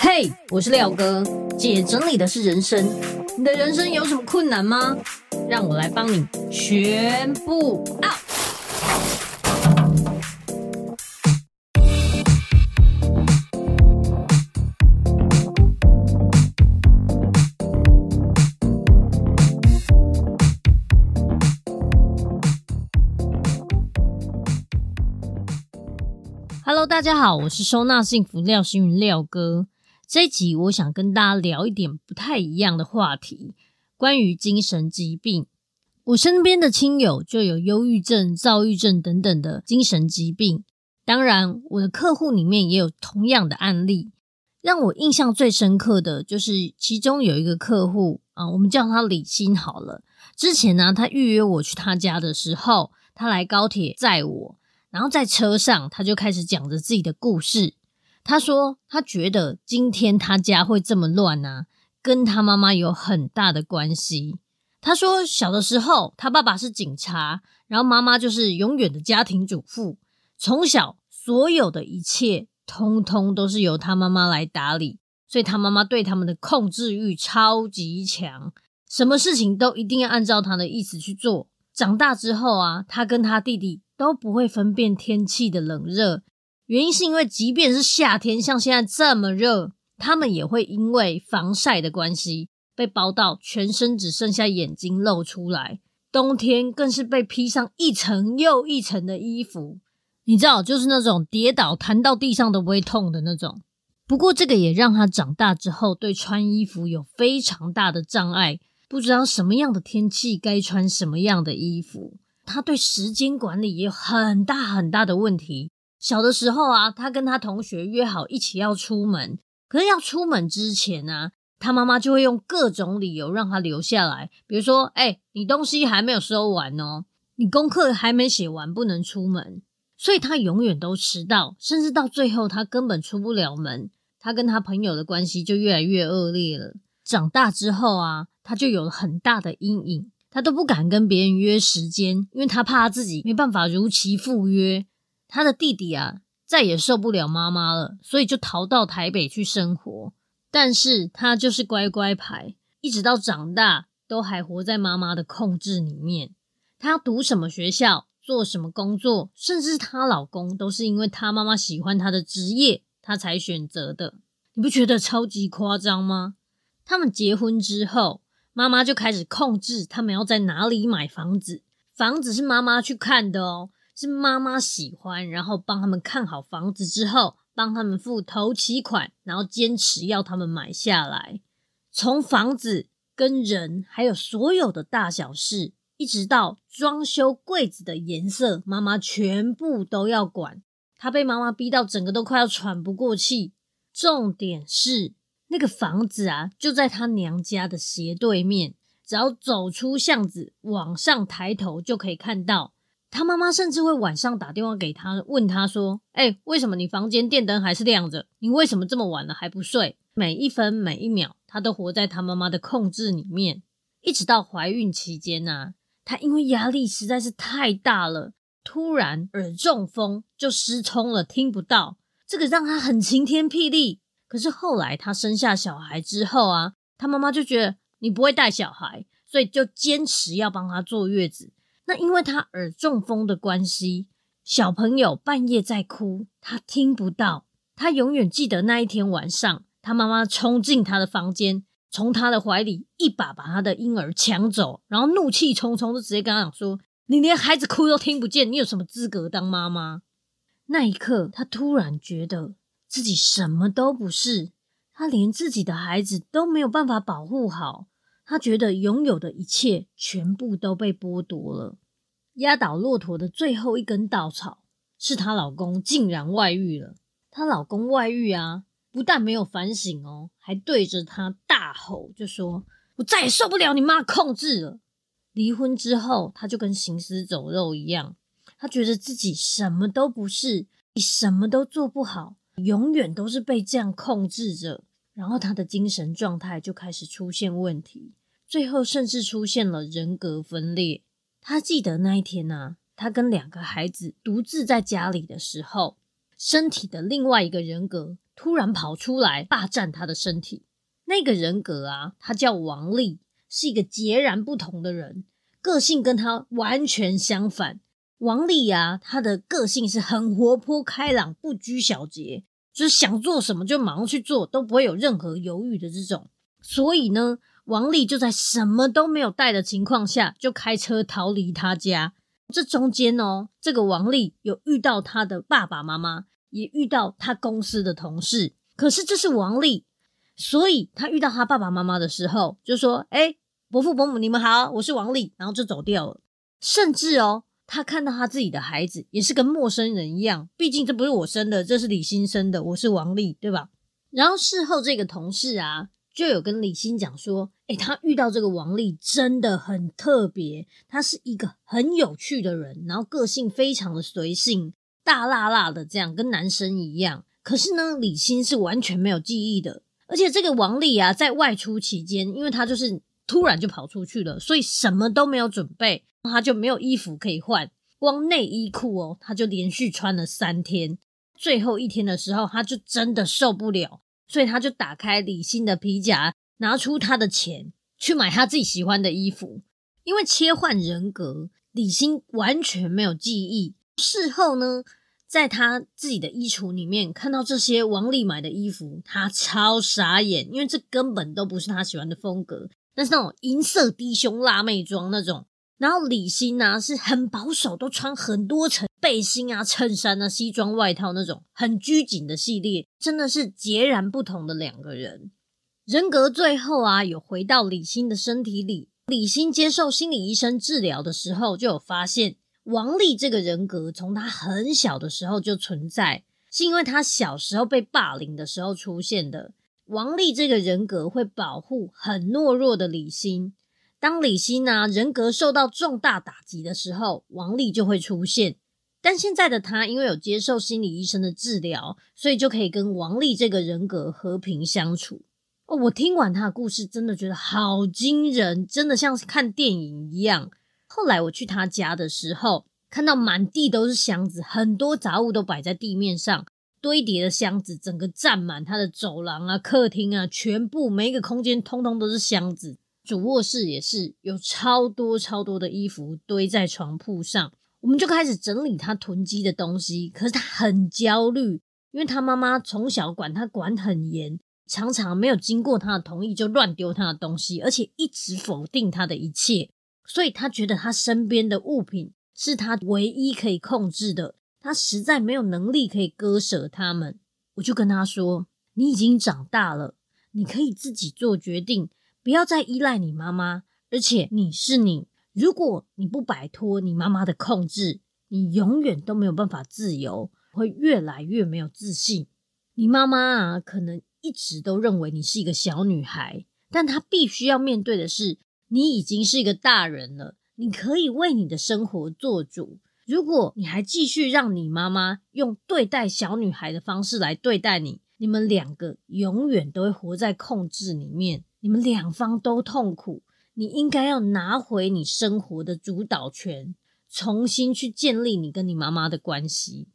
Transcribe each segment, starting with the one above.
嘿、hey，我是廖哥，姐整理的是人生。你的人生有什麼困難嗎？讓我來幫你全部 out。Hello，大家好，我是收納幸福廖心筠廖哥。這一集我想跟大家聊一點不太一樣的話題，關於精神疾病。我身邊的親友就有憂鬱症、躁鬱症等等的精神疾病，當然我的客戶裡面也有同樣的案例。讓我印象最深刻的就是，其中有一個客戶啊，我們叫他李欣好了。之前呢，啊，他預約我去他家的時候，他來高鐵載我，然後在車上他就開始講着自己的故事。他說：“他覺得今天他家會這麼亂啊，跟他媽媽有很大的關係。”他說：“小的時候，他爸爸是警察，然後媽媽就是永遠的家庭主婦，從小所有的一切，通通都是由他媽媽來打理，所以他媽媽對他們的控制欲超級強，什麼事情都一定要按照他的意思去做。長大之後啊，他跟他弟弟都不會分辨天氣的冷熱。”原因是因為，即便是夏天，像現在這麼熱，他們也會因為防曬的關係被包到全身只剩下眼睛露出來。冬天更是被披上一層又一層的衣服，你知道，就是那種跌倒彈到地上都不會痛的那種。不過，這個也讓他長大之後對穿衣服有非常大的障礙，不知道什麼樣的天氣該穿什麼樣的衣服。他對時間管理也有很大很大的問題。小的時候啊，他跟他同學約好一起要出門，可是要出門之前呢、啊，他媽媽就會用各種理由讓他留下來，比如說：“誒、欸、你東西還沒有收完哦，你功課還沒寫完，不能出門。”所以他永遠都遲到，甚至到最後他根本出不了門。他跟他朋友的關係就越來越惡劣了。長大之後啊，他就有了很大的陰影，他都不敢跟別人約時間，因為他怕他自己沒辦法如期赴約。他的弟弟啊，再也受不了媽媽了，所以就逃到台北去生活。但是他就是乖乖牌，一直到長大都還活在媽媽的控制裡面。他讀什麼學校、做什麼工作，甚至她老公，都是因為他媽媽喜歡他的職業，他才選擇的。你不覺得超級誇張嗎？他們結婚之後，媽媽就開始控制他們要在哪裡買房子，房子是媽媽去看的哦。是媽媽喜歡，然後幫他們看好房子之後，幫他們付頭期款，然後堅持要他們買下來。從房子跟人，還有所有的大小事，一直到裝修櫃子的顏色，媽媽全部都要管。她被媽媽逼到整個都快要喘不過氣。重點是那個房子啊，就在她娘家的斜對面，只要走出巷子，往上抬頭就可以看到。她媽媽甚至會晚上打電話給她，問她說：“欸，為什麼你房間電燈還是亮着？你為什麼這麼晚了還不睡？”每一分每一秒，她都活在她媽媽的控制裡面。一直到懷孕期間啊，她因為壓力實在是太大了，突然耳中風就失聰了，聽不到。這個讓她很晴天霹靂。可是後來她生下小孩之後啊，她媽媽就覺得你不會帶小孩，所以就堅持要幫她坐月子。那因為他耳中風的關係，小朋友半夜在哭，他聽不到。他永遠記得那一天晚上，他媽媽衝進他的房間，從他的懷裡一把把他的嬰兒搶走，然後怒氣衝衝，就直接跟他講說：“你連孩子哭都聽不見，你有什麼資格當媽媽？”那一刻，他突然覺得自己什麼都不是，他連自己的孩子都沒有辦法保護好。她覺得擁有的一切全部都被剝奪了。壓倒駱駝的最後一根稻草是她老公竟然外遇了。她老公外遇啊，不但沒有反省哦，還對着她大吼，就說：“我再也受不了你媽控制了。”離婚之後，她就跟行屍走肉一樣，她覺得自己什麼都不是，你什麼都做不好，永遠都是被這樣控制着。然後他的精神狀態就開始出現問題，最後甚至出現了人格分裂。他記得那一天啊，他跟兩個孩子獨自在家裡的時候，身體的另外一個人格突然跑出來霸占他的身體。那個人格啊，他叫王麗，是一個截然不同的人，個性跟他完全相反。王麗啊，他的個性是很活潑開朗、不拘小節。就是想做什麼就馬上去做，都不會有任何猶豫的這種。所以呢，王麗就在什麼都沒有帶的情況下，就開車逃離他家。這中間哦，這個王麗有遇到他的爸爸媽媽，也遇到他公司的同事。可是這是王麗，所以他遇到他爸爸媽媽的時候就說：“誒，伯父伯母，你們好，我是王麗。”然後就走掉了。甚至哦，他看到他自己的孩子也是跟陌生人一樣，畢竟這不是我生的，這是李欣生的，我是王麗，對吧？然後事後這個同事啊，就有跟李欣講說，誒、欸，他遇到這個王麗真的很特別，他是一個很有趣的人，然後個性非常的隨性，大辣辣的這樣，跟男生一樣。可是呢，李欣是完全沒有記憶的，而且這個王麗啊，在外出期間，因為她就是。突然就跑出去了，所以什麼都沒有準備，他就沒有衣服可以換，光內衣褲哦，他就連續穿了三天。最後一天的時候，他就真的受不了，所以他就打開李欣的皮夾，拿出他的錢去買他自己喜歡的衣服。因為切換人格，李欣完全沒有記憶。事後呢，在他自己的衣櫥裡面看到這些王麗買的衣服，他超傻眼，因為這根本都不是他喜歡的風格。那是那種銀色低胸辣妹裝那種，然後李欣啊是很保守，都穿很多層背心啊、襯衫啊、西裝外套那種很拘謹的系列，真的是截然不同的兩個人人格。最後啊，有回到李欣的身體裡，李欣接受心理醫生治療的時候，就有發現王麗這個人格從她很小的時候就存在，是因為她小時候被霸凌的時候出現的。王力這個人格會保護很懦弱的李欣，當李欣呢、啊、人格受到重大打擊的時候，王力就會出現。但現在的他因為有接受心理醫生的治療，所以就可以跟王力這個人格和平相處。哦，我聽完他的故事，真的覺得好驚人，真的像是看電影一樣。後來我去他家的時候，看到滿地都是箱子，很多雜物都擺在地面上。堆疊的箱子，整個佔滿他的走廊啊、客廳啊，全部每一個空間通通都是箱子。主臥室也是，有超多超多的衣服堆在床鋪上。我們就開始整理他囤積的東西，可是他很焦慮，因為他媽媽從小管他管很嚴，常常沒有經過他的同意就亂丟他的東西，而且一直否定他的一切，所以他覺得他身邊的物品是他唯一可以控制的。他實在沒有能力可以割捨他們，我就跟他說：“你已經長大了，你可以自己做決定，不要再依賴你媽媽。而且你是你，如果你不擺脫你媽媽的控制，你永遠都沒有辦法自由，會越來越沒有自信。你媽媽啊，可能一直都認為你是一個小女孩，但她必須要面對的是，你已經是一個大人了，你可以為你的生活做主。”如果你還繼續讓你媽媽用對待小女孩的方式來對待你，你們兩個永遠都會活在控制裡面，你們兩方都痛苦。你應該要拿回你生活的主導權，重新去建立你跟你媽媽的關係。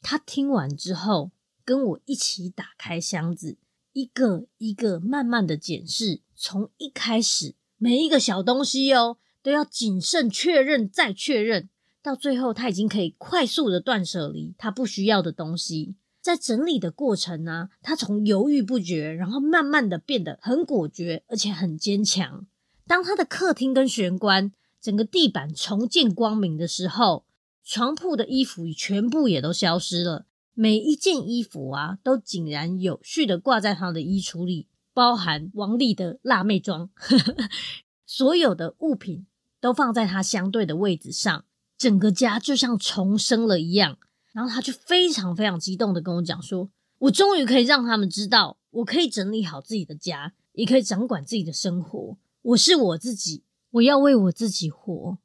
她聽完之後，跟我一起打開箱子，一個一個慢慢的檢視，從一開始每一個小東西哦，都要謹慎確認再確認。到最後，他已經可以快速的斷捨離他不需要的東西。在整理的過程呢、啊，他從猶豫不決，然後慢慢的變得很果決，而且很堅強。當他的客廳跟玄關整個地板重見光明的時候，床鋪的衣服全部也都消失了，每一件衣服啊，都井然有序的掛在他的衣櫥裡，包含王麗的辣妹裝， 所有的物品都放在它相對的位置上。整個家就像重生了一樣，然後他就非常非常激動的跟我講說：“我終於可以讓他們知道，我可以整理好自己的家，也可以掌管自己的生活，我是我自己，我要為我自己活。”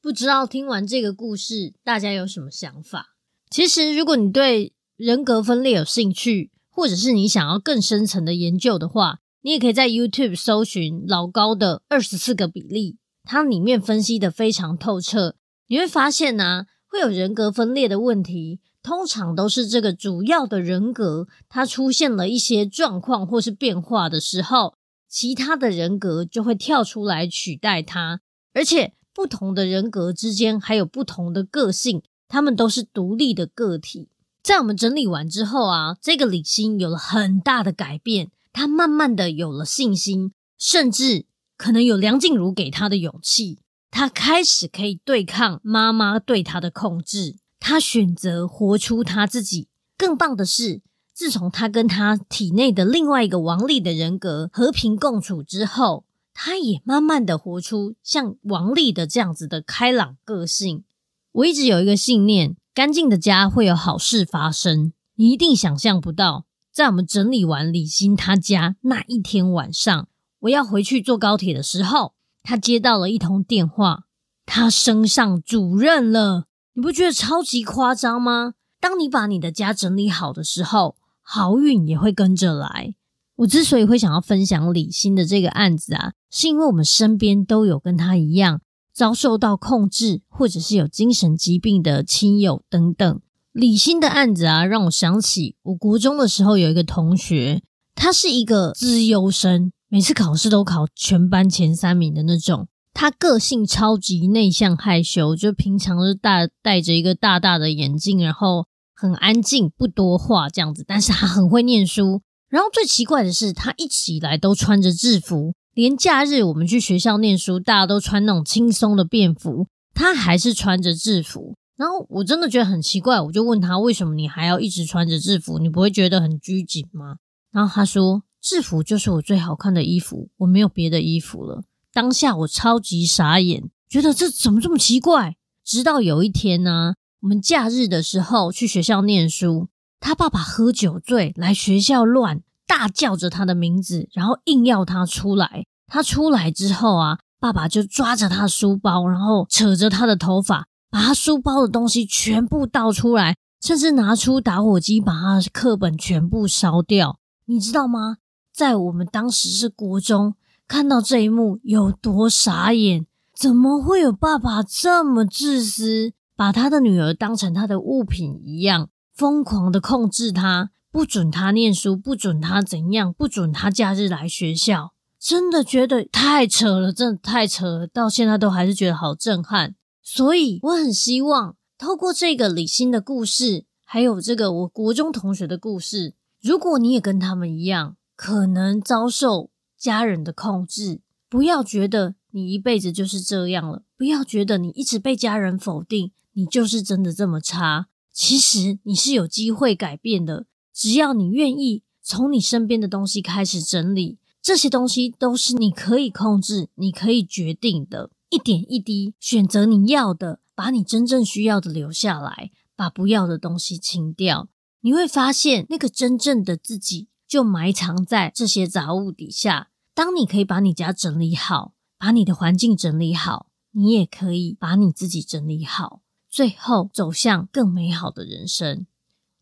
不知道聽完這個故事，大家有什麼想法？其實，如果你對人格分裂有興趣，或者是你想要更深層的研究的話，你也可以在 YouTube 搜尋老高的二十四個比利，它裡面分析的非常透徹。你會發現呢，啊，會有人格分裂的問題。通常都是這個主要的人格，它出現了一些狀況或是變化的時候，其他的人格就會跳出來取代它。而且不同的人格之間還有不同的個性，他們都是獨立的個體。在我們整理完之後啊，這個李欣有了很大的改變，他慢慢的有了信心，甚至可能有梁靜茹給他的勇氣。他開始可以對抗媽媽對他的控制，他選擇活出他自己。更棒的是，自從他跟他體內的另外一個王麗的人格和平共處之後，他也慢慢的活出像王麗的這樣子的開朗個性。我一直有一個信念，乾淨的家會有好事發生。你一定想象不到，在我們整理完李欣她家那一天晚上，我要回去坐高鐵的時候。他接到了一通電話，他升上主任了，你不覺得超級誇張嗎？當你把你的家整理好的時候，好運也會跟着來。我之所以會想要分享李欣的這個案子啊，是因為我們身邊都有跟他一樣遭受到控制或者是有精神疾病的親友等等。李欣的案子啊，讓我想起我國中的時候有一個同學，他是一個資優生。每次考試都考全班前三名的那種，他個性超級內向害羞，就平常是戴戴着一個大大的眼鏡，然後很安靜不多話這樣子。但是他很會念書。然後最奇怪的是，他一直以來都穿着制服。連假日我們去學校念書，大家都穿那種輕鬆的便服，他還是穿着制服。然後我真的覺得很奇怪，我就問他為什麼你還要一直穿着制服？你不會覺得很拘謹嗎？然後他說。制服就是我最好看的衣服，我沒有別的衣服了。當下我超級傻眼，覺得這怎麼這麼奇怪？直到有一天呢、啊，我們假日的時候去學校念書，他爸爸喝酒醉來學校亂，大叫着他的名字，然後硬要他出來。他出來之後啊，爸爸就抓着他的書包，然後扯着他的頭髮，把他書包的東西全部倒出來，甚至拿出打火機，把他的課本全部燒掉。你知道嗎？在我們當時是國中，看到這一幕有多傻眼？怎麼會有爸爸這麼自私，把他的女兒當成他的物品一樣，瘋狂的控制他，不准他念書，不准他怎樣，不准他假日來學校？真的覺得太扯了，真的太扯了，到現在都還是覺得好震撼。所以我很希望透過這個李欣的故事，還有這個我國中同學的故事，如果你也跟他們一樣。可能遭受家人的控制，不要覺得你一輩子就是這樣了，不要覺得你一直被家人否定，你就是真的這麼差。其實你是有機會改變的，只要你願意從你身邊的東西開始整理，這些東西都是你可以控制、你可以決定的。一點一滴選擇你要的，把你真正需要的留下來，把不要的東西清掉，你會發現那個真正的自己，就埋藏在這些雜物底下。當你可以把你家整理好，把你的環境整理好，你也可以把你自己整理好，最後走向更美好的人生。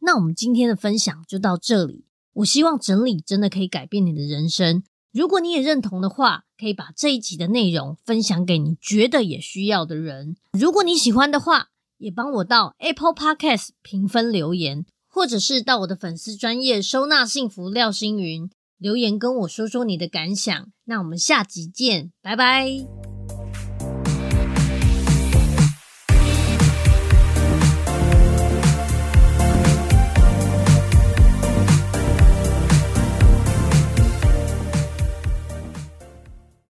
那我們今天的分享就到這裡。我希望整理真的可以改變你的人生。如果你也認同的話，可以把這一集的內容分享給你覺得也需要的人。如果你喜歡的話，也幫我到 Apple Podcast 評分留言。或者是到我的粉絲專頁收納幸福廖心筠留言跟我說說你的感想，那我們下集見，拜拜。